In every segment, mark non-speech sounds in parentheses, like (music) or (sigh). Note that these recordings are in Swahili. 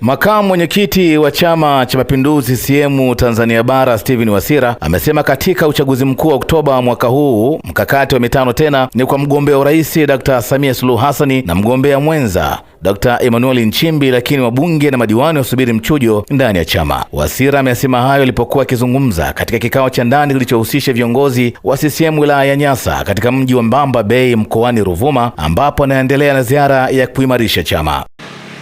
Makamu mwenyekiti wa Chama cha Mapinduzi CCM Tanzania Bara Steven Wasira amesema katika uchaguzi mkuu wa Oktoba mwaka huu mkakati wa mitano tena ni kwa mgombea urais Dr. Samia Suluhu Hassani na mgombea mwenza Dr. Emmanuel Nchimbi, lakini wabunge na madiwani wasubiri mchujo ndani ya chama. Wasira amesema hayo alipokuwa akizungumza katika kikao cha ndani kilichohusisha viongozi wa CCM wilaya ya Nyasa katika mji wa Mbamba Bay mkoani Ruvuma ambapo anaendelea na ziara ya kuimarisha chama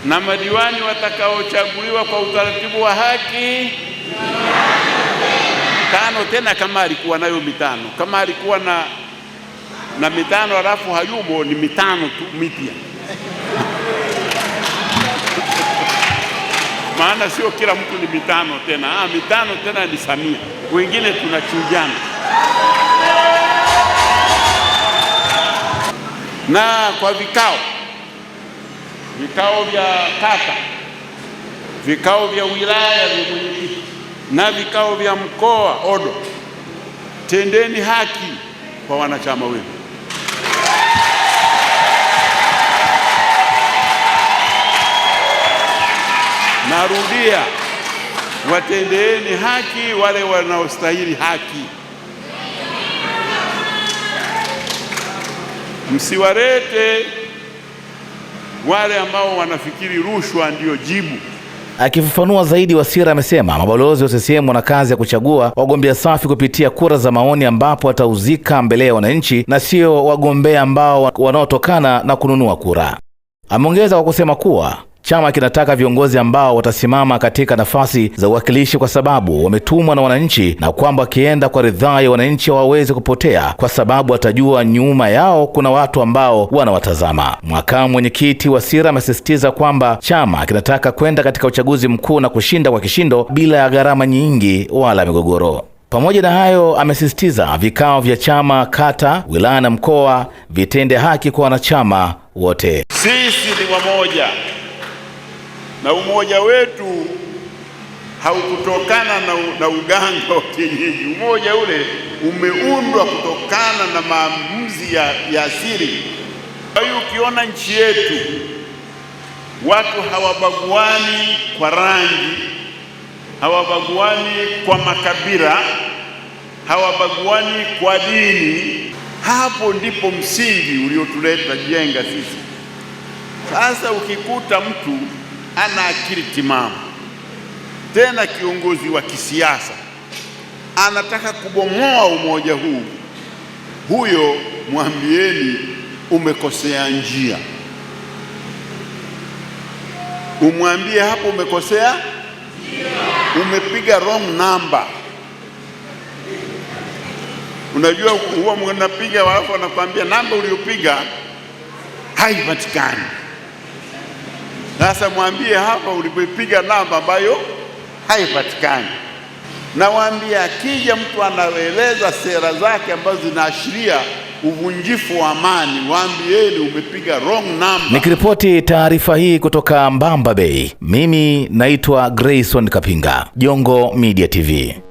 na madiwani watakaochaguliwa kwa utaratibu wa haki tano. Tena kama alikuwa nayo mitano, kama alikuwa na, na mitano alafu hayumo, ni mitano tu mipya (laughs) maana sio kila mtu ni mitano tena. Ah, mitano tena ni Samia, wengine tunachujana. Na kwa vikao vikao vya kata, vikao vya wilaya vya mwenyekiti na vikao vya mkoa ODO, tendeni haki kwa wanachama wenu. Narudia, watendeeni haki wale wanaostahili haki. Msiwarete wale ambao wanafikiri rushwa ndiyo jibu. Akifafanua zaidi, Wasira amesema mabalozi wa CCM wana kazi ya kuchagua wagombea safi kupitia kura za maoni, ambapo watauzika mbele ya wananchi na sio wagombea ambao wanaotokana na kununua kura. Ameongeza kwa kusema kuwa Chama kinataka viongozi ambao watasimama katika nafasi za uwakilishi kwa sababu wametumwa na wananchi, na kwamba wakienda kwa ridhaa ya wananchi hawawezi kupotea, kwa sababu watajua nyuma yao kuna watu ambao wanawatazama. Makamu mwenyekiti wa sira amesisitiza kwamba chama kinataka kwenda katika uchaguzi mkuu na kushinda kwa kishindo bila ya gharama nyingi wala migogoro. Pamoja na hayo, amesisitiza vikao vya chama kata, wilaya na mkoa vitende haki kwa wanachama wote. Sisi ni wamoja na umoja wetu haukutokana na, na uganga wa kienyeji. Umoja ule umeundwa kutokana na maamuzi ya, ya asili. Kwa hiyo ukiona nchi yetu watu hawabaguani kwa rangi, hawabaguani kwa makabila, hawabaguani kwa dini, hapo ndipo msingi uliotuleta jenga sisi. Sasa ukikuta mtu ana akili timamu, tena kiongozi wa kisiasa anataka kubomoa umoja huu, huyo mwambieni umekosea njia, umwambie hapo umekosea, umepiga wrong number. Unajua huwa mnapiga, halafu anakwambia namba uliyopiga haipatikani. Sasa mwambie hapa ulipoipiga namba ambayo haipatikani, na akija mtu anaeleza sera zake ambazo zinaashiria uvunjifu wa amani, waambieni umepiga wrong number. Nikiripoti taarifa hii kutoka Mbamba Bay, mimi naitwa Grayson Kapinga, Jongo Media TV.